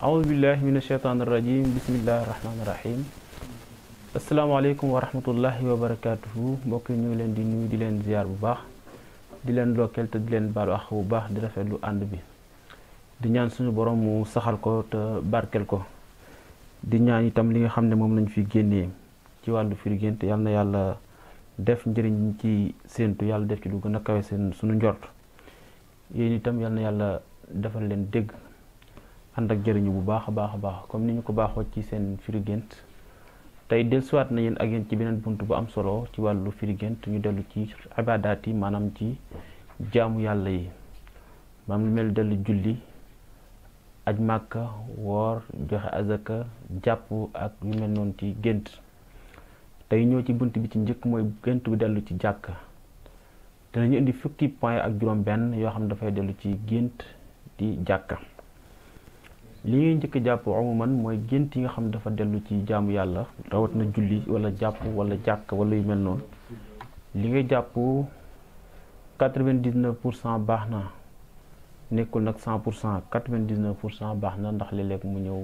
aoudubillahi min asheytaan irajim bismillahi rahmaani rahim asalaamaaleykum wa rahmatullahi wa barakatuhu mbokk yi ñu ngi leen di nuyu di leen ziar bu baax di leen dokkeel te di leen baalu àq bu baax di rafet lu ànd bi di ñaan suñu borom mu saxal ko te barkel ko di ñaan itam li nga xam ne moom lañ fi génnee ci wàllu firi gént yal na yàlla def njëriñ ci séentu yàlla def ci lu gën a kawe seen suñu njort yéen itam yàlla defal leen dégg ànd ak jëriñu bu baax a baax a baax comme ni ñu ko baaxoo ci seen firi gént tey dellusiwaat na yéen ak ci beneen bunt bu am solo ci wàllu firi gént ñu dellu ci ibaadaat yi maanaam ci jaamu yàlla yi maanaam lu mel dellu julli aj màkka woor joxe azaka jàpp ak yu mel noonu ci gént tey ñëw ci bunt bi ci njëkk mooy gént bi dellu ci jàkka dinañu indi fukki point ak juróom benn yoo xam ne dafay dellu ci gént di jàkka li ngay njëkk a jàpp man mooy gént yi nga xam dafa dellu ci jaamu yàlla rawat na julli wala jàpp wala jàkk wala yu mel noonu li ngay jàpp quatre vingt dix pour cent baax na nekkul nag cent pour cent quatre pour cent baax na ndax léeg-léeg mu ñëw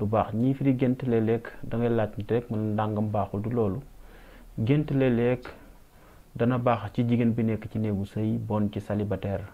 du baax ñii fi firi gént léeg-léeg da laaj nit rek mën ndàngam baaxul du loolu gént léeg-léeg dana baax ci jigéen bi nekk ci néegu sëy bon ci célibataire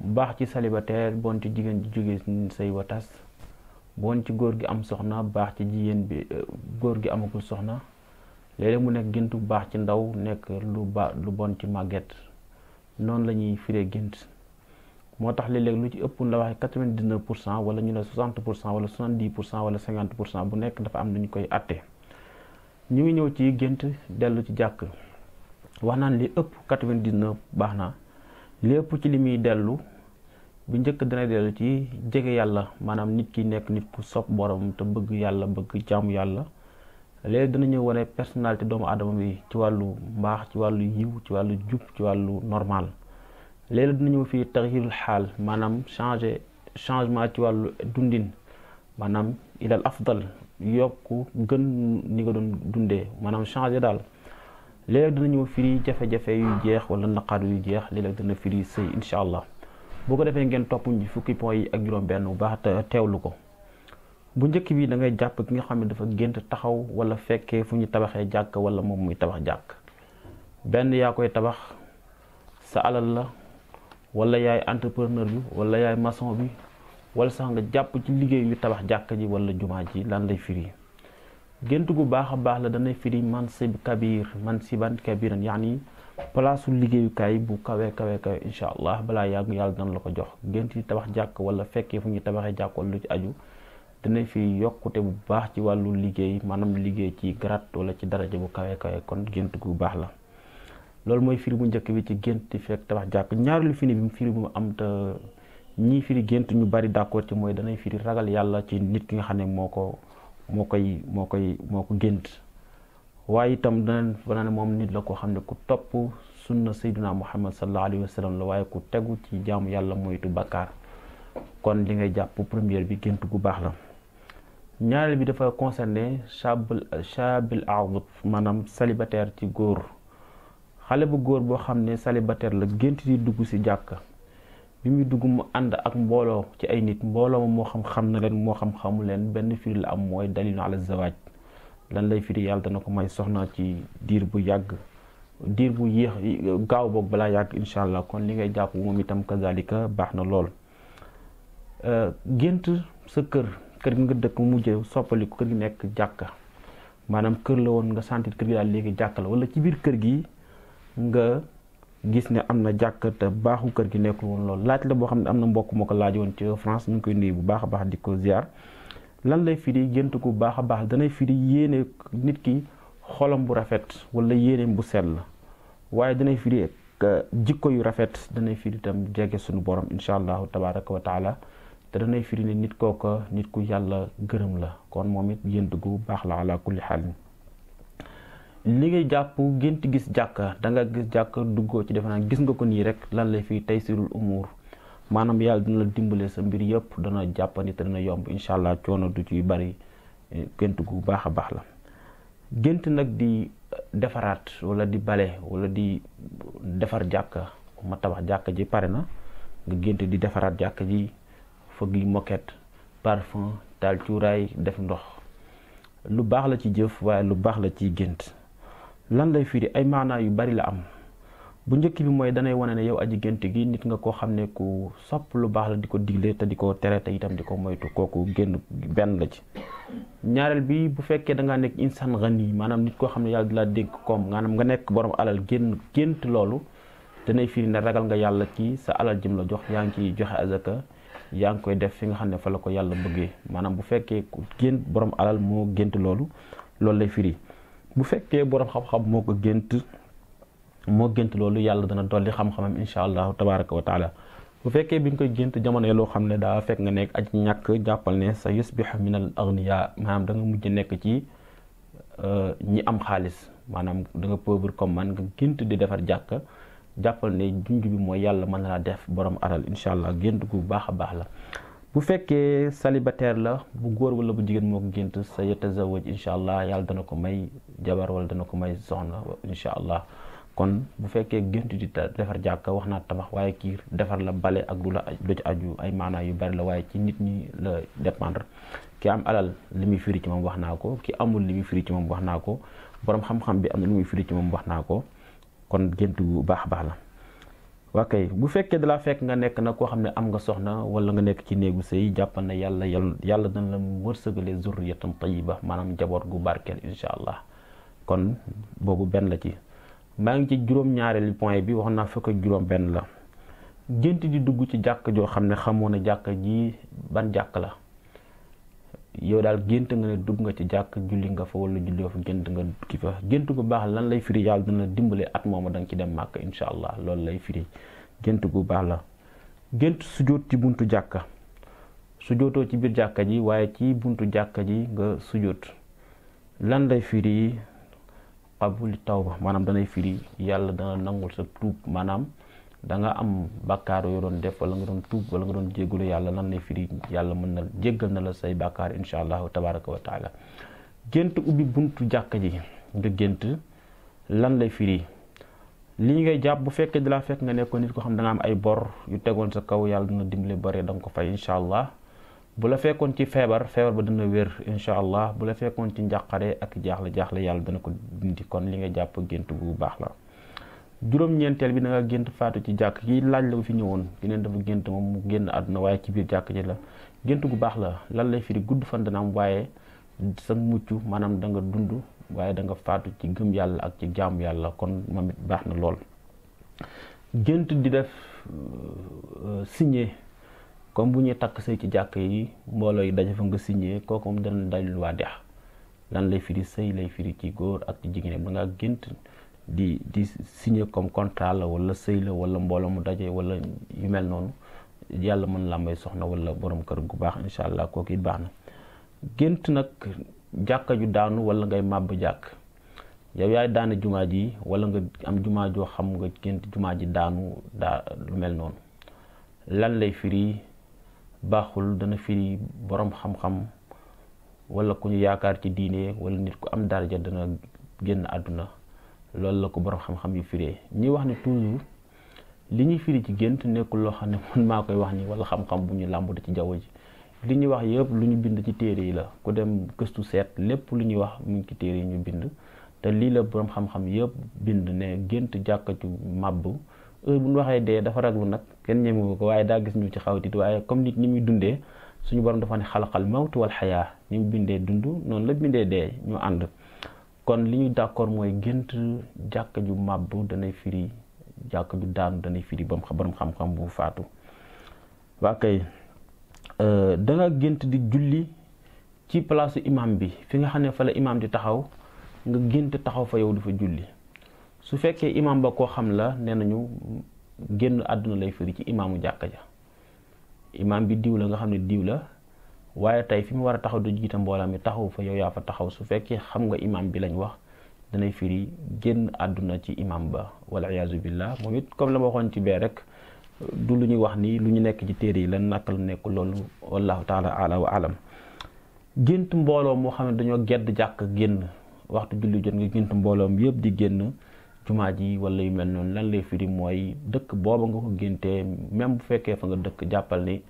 baax ci célibataire bon ci jigéen ji jóge say wa bon ci góor gi am soxna baax ci jigéen bi euh, góor gi amagul soxna léeg mu nekk géntu baax ci ndaw nekk lu ba lu bon ci màgget noonu la ñuy firee gént moo tax léeg-léeg lu ci ëpp la waxee quatre-vingt-dix-neuf pour cent wala ñu ne soixante pour cent wala soixante-dix pour cent wala cinquante pour cent bu nekk dafa am lu ñu koy atte ñu ngi ñëw ci gént dellu ci jàkk wax naan li ëpp quatre-vingt-dix-neuf baax na lépp ci li muy dellu bi njëkk dana dellu ci jege yàlla maanaam nit ki nekk nit ku sopp borom te bëgg yàlla bëgg jaamu yàlla léegi dana ñëw wane personnalité doomu aadama bi ci wàllu mbaax ci wàllu yiw ci wàllu jub ci wàllu normal léegi dina ñëw fii taxirul xaal maanaam changé changement ci wàllu dundin maanaam ilal afdal yokk gën ni nga doon dundee maanaam changé daal léeg dina ñëw firi jafe-jafe yu jeex wala naqaar yu jeex léeg-léeg dina firi sëy incha allah boo ko defee ngeen topp ñu fukki point yi ak juróom-benn bu baax te teewlu ko bu njëkk bi da ngay jàpp ki nga xam ne dafa gént taxaw wala fekkee fu ñu tabaxee jàkk wala moom muy tabax jàkk benn yaa koy tabax sa alal la wala yaay entrepreneur bi wala yaay mason bi wala sax nga jàpp ci liggéey yu tabax jàkk ji wala jumaa ji lan lay firi gént gu baax a baax la danay firi mansib kabir mansiban kabiran yaani palaasu liggéeyukaay bu kawe kawe kawe incha allah balaa yàgg yàlla dana la ko jox gént yi tabax jàkk wala fekkee fu ñuy tabaxee jàkk wala lu ci aju danay firi yokkute bu baax ci wàllu liggéey maanaam liggéey ci grade wala ci daraja bu kawe kawe kon gént gu baax la loolu mooy firi bu njëkk bi ci gént di fekk tabax jàkk ñaareelu firi bi firi bu am te ñii firi gént ñu bari d'accord ci mooy danay firi ragal yàlla ci nit ki nga xam ne moo ko moo koy moo koy moo ko gént waaye itam dana dana ne moom nit la koo xam ne ku topp sunna sayduna muhammad sallallahu alayhi wa sallam la waaye ku tegu ci jaamu yàlla moytu bakkaar kon li ngay jàpp première bi gént gu baax la ñaareel bi dafa concerné chabul chabil aout maanaam célibataire ci góor xale bu góor boo xam ne salibateer la gént di dugg si jàkk bi muy dugg mu ànd ak mbooloo ci ay nit mbooloo ma moo xam xam na leen moo xam xamu leen benn firi la am mooy dalilu ala zawaaj lan lay firi yàlla dana ko may soxna ci diir bu yàgg diir bu yéex gaaw boog balaa yàgg incha allah kon li ngay jàpp moom itam kazalika baax na lool euh, gént sa kër kër nga dëkk mu mujjee soppaliku kër gi nekk jàkka maanaam kër la woon nga sentir kër gi daal léegi jàkka la wala ci biir kër gi nga gis ne am na jàkka te baaxu kër gi nekkul woon loolu laaj la boo xam ne am na mbokk moo ko laajoon ci France ñu ngi koy nuyu bu baax a baax di ko ziar lan lay firi gént gu baax a baax danay firi yéene nit ki xolam bu rafet walla yéeneem bu la waaye danay firi euh, jikko yu rafet danay firi itam jege suñu borom incha allahu tabaraka wa taala te danay firi ne nit kooka nit ku yàlla gërëm la kon moom it gént gu baax la ala kulli li ngay jàpp gént gis jàkka da gis jàkka duggoo ci defe naa gis nga ko nii rek lan la fii tey sirul umuur maanaam yàlla dina la dimbalee sa mbir yëpp dana jàppandi te dana yomb incha allah coono du ci bari eh, gént gu baax a baax la gént nag di eh, defaraat walla di bale walla di defar jàkka ma tabax jàkka ji pare na nga gént di defaraat jàkka ji fëgg yi moket parfum taal cuuraay def ndox lu baax la ci jëf waaye lu baax la ci gént lan lay firi ay maanaa yu bari la am bu njëkk bi mooy danay wane ne yow aji gént gi nit nga koo xam ne ku sopp lu baax la di ko digle te di ko tere te itam di ko moytu kooku génn benn la ci ñaareel bi bu fekkee da ngaa nekk insaan nii maanaam nit koo xam ne yàlla di la dénk koom nga nekk borom alal génn gént loolu danay firi ne ragal nga yàlla ci sa alal jëm la jox yaa ngi ciy joxe azaka yaa ngi koy def fi nga xam ne fa la ko yàlla bëggee maanaam bu fekkee gént borom alal moo gént loolu loolu lay firi bu fekkee borom xam-xam moo ko gént moo gént loolu yàlla dana dolli xam-xamam incha allahu tabaraka wa bu fekkee bi nga koy gént jamono yi loo xam ne daa fekk nga nekk ak ñàkk jàppal ne sa yusbihu min al agniya maanaam da nga mujj nekk ci euh, ñi am xaalis maanaam da nga pauvre comme man nga gént di defar jàkka jàppal ne junj bi mooy yàlla mën na laa def borom alal incha allah gént gu baax a baax la bu fekkee célibataire la bu góor wala bu jigéen moo ko gént sa yatazawaj incha allah yàlla dana ko may jabar wala dana ko may soxna incha allah kon bu fekkee gént di defar jàkk wax naa tabax waaye kii defar la bale ak du la lu aju ay maanaa yu bari la waaye ci nit ñi la dépendre ki am alal li muy firi ci moom wax naa ko ki amul li muy firi moom wax naa ko boroom xam-xam bi am na li muy firi ci moom wax naa ko kon gént bu baax a baax la ok bu fekkee dalaa fekk nga nekk nag koo xam ne am nga soxna wala nga nekk ci néegu sëy jàppal na yàlla yàlla dana la mu wërsëgale zurriyatan tayyiba maanaam njaboot gu barkeel incha allah kon boobu benn la ci maa ngi ci juróom-ñaareelu point bi wax naa fekk juróom benn la gént di dugg ci jàkk joo xam ne xamoon na jàkk ji ban jàkk la yow daal gént nga ne dugg nga ci jàkk julli nga fa wala julli nga fa gént nga ki fa gént gu baax lan lay firi yàlla dina dimbale at moom da nga ci dem màkk incha allah loolu lay firi gént gu baax la gént sujoot ci buntu jàkka sujootoo ci biir jàkka ji waaye ci buntu jàkk ji nga sujoot lan lay firi qabul tawba maanaam danay firi yàlla dana nangul sa tuub maanaam da nga am bàkkaar yoo doon def wala nga doon tuub wala nga doon jégalu yàlla lan lay firi yàlla mën na jéggal na la say bàkkaar incha allahu tabaraka wa taala gént ubbi buntu jàkka ji nga gént lan lay firi lii ngay jàpp bu fekkee dalaa laa fekk nga nekkoon nit ko xam da nga am ay bor yu tegoon sa kaw yàlla dina dimbale bare da ko fay incha allah bu la fekkoon ci feebar feebar ba dina wér incha allah bu la fekkoon ci njàqare ak jaaxle jaaxle yàlla dana ko dindi kon li ngay jàpp gént bu baax la juróom-ñeenteel bi da gént faatu ci jàkk yi laaj la ko fi ñëwoon di neen dafa gént moom mu génn àdduna waaye ci biir jàkk ji la gént gu baax la lan lay firi gudd fan dana am waaye sa mucc maanaam da dund waaye da nga faatu ci gëm yàlla ak ci jaamu yàlla kon moom baax na lool gént di def euh, signé comme bu ñuy takk sëy ci jàkk yi mbooloo yi daje fa nga signé kooku moom dana dajul waa lay firi sëy lay firi ci góor ak ci jigéen gént di di signé comme contrat la wala sëy la wala mbooloo mu daje wala yu mel noonu yàlla mën làmbay soxna wala boroom kër gu baax incha allah kooku it baax na gént nag jàkka ju daanu wala ngay màbb jàkk yow yaay daane jumaa ji wala nga am jumaa joo xam nga gént jumaa ji daanu daa lu mel noonu lan lay firi baaxul dana firi borom xam-xam wala ku ñu yaakaar ci diine wala nit ku am daraja dana génn àdduna loolu la ko boroom xam-xam yu firee ñuy wax ne toujours li ñuy firi ci gént nekkul loo xam ne man maa koy wax ni wala xam-xam bu ñu làmbatu ci jaww ji li ñuy wax yëpp lu ñu bind ci téere yi la ku dem gëstu seet lépp lu ñuy wax mu ngi téere yi ñu bind te lii la borom xam-xam yëpp bind ne gént jàkka ci màbb heure bu ñu waxee dee dafa raglu nag kenn ñemewu ko waaye daa gis ñu ci xawtit waaye comme nit ñi muy dundee suñu borom dafa ne xalaqal mawtu wal xayaa bindee dund noonu la bindee dee ñu ànd kon li ñu d'accord mooy gént jàkka ju màbb danay firi jàkka ju daanu danay firi bam borom xam-xam bu faatu waa kay euh, da nga gént di julli ci palaasu imam bi fi nga xam ne fa la imam di taxaw nga gént taxaw fa yow dafa julli su fekkee imam ba koo xam la nee nañu génn àdduna lay firi ci imaamu jàkka ja imam bi diw la nga xam ne diw la waaye tey fi mu war a taxaw du jiite mboolaa mi taxaw fa yow yaa fa taxaw su fekkee xam nga imam bi lañ wax danay firi génn àdduna ci imam ba wala iyaazu billah moom it comme la ma waxoon ci bee rek du lu ñuy wax nii lu ñu nekk ci téere yi lan naka la nekk loolu wallahu taala ala wa alam gént mbooloo moo xam ne dañoo gedd jàkk génn waxtu julli jot nga gént mbooloom yëpp di génn jumaa ji wala yu mel noonu lan lay firi mooy dëkk booba nga ko géntee même bu fekkee fa nga dëkk jàppal ni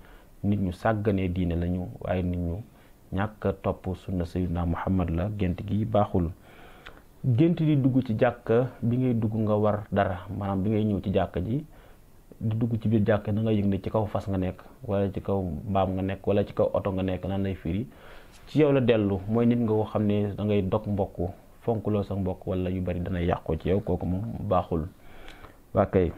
nit ñu sàggane diine lañu waaye nit ñu ñàkk a topp sunna sayyidina muhammad la gént gi baaxul gént di dugg ci jàkk bi ngay dugg nga war dara maanaam bi ngay ñëw ci jàkk ji di dugg ci biir jàkk da nga yëg ne ci kaw fas nga nekk wala ci kaw mbaam nga nekk walla ci kaw oto nga nekk nan lay firi ci yow la dellu mooy nit nga koo xam ne dangay ngay dog mbokk fonkuloo sa mbokk wala yu bari dana yàqoo ci yow kooku moom baaxul waa kay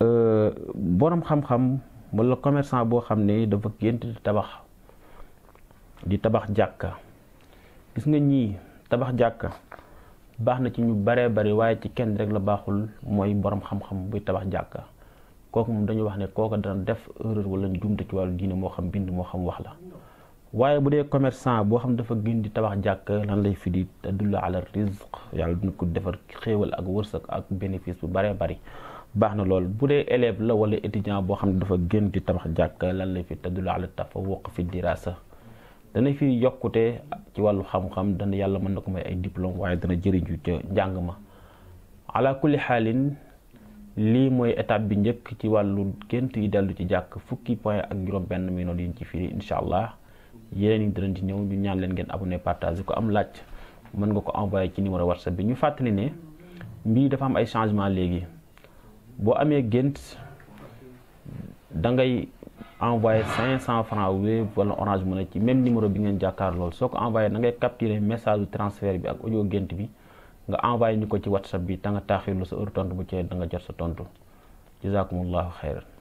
euh, borom xam-xam la commerçant boo xam ne dafa gént tabax di tabax jàkka gis nga ñii tabax jàkka baax na ci ñu baree bari waaye ci kenn rek la baaxul mooy borom xam-xam buy tabax jàkka kooku moom dañuy wax ne kooku dana def erreur wala jumte ci wàllu diine moo xam bind moo xam wax la waaye bu dee commerçant boo xam dafa génn di tabax jàkk lan lay fi di tadullu ala rizq yàlla dina ko defar xéewal ak wërsëg ak bénéfice bu baree bari baax na lool bu dee élève la wala étudiant boo xam ne dafa gën di tabax jàkka lan la fi tadula ala tafawuq fi dirasa dana fi yokkute ci wàllu xam-xam dana yàlla mën na ko may ay diplôme waaye dana jëriñu ca njàng ma ala kulli xaalin lii mooy étape bi njëkk ci wàllu gént yi dellu ci jàkk fukki point ak juróom benn mi noonu yi ci firi incha allah yeneen yi dinañ ci ñëw ñu ñaan leen ngeen abonné partage ko am laaj mën nga ko envoyé ci numéro whatsapp bi ñu fàttali ne mbii dafa ay changement léegi boo amee gént da ngay envoyé 500 francs Wave wala Orange Money ci même numéro bi ngeen jàkkaar lool soo ko envoyé da ngay capturer message transfert bi ak audio gént bi nga envoyé ñu ko ci whatsapp bi te nga lu sa heure tontu bu ci da nga jot sa tontu jazakumullahu xayran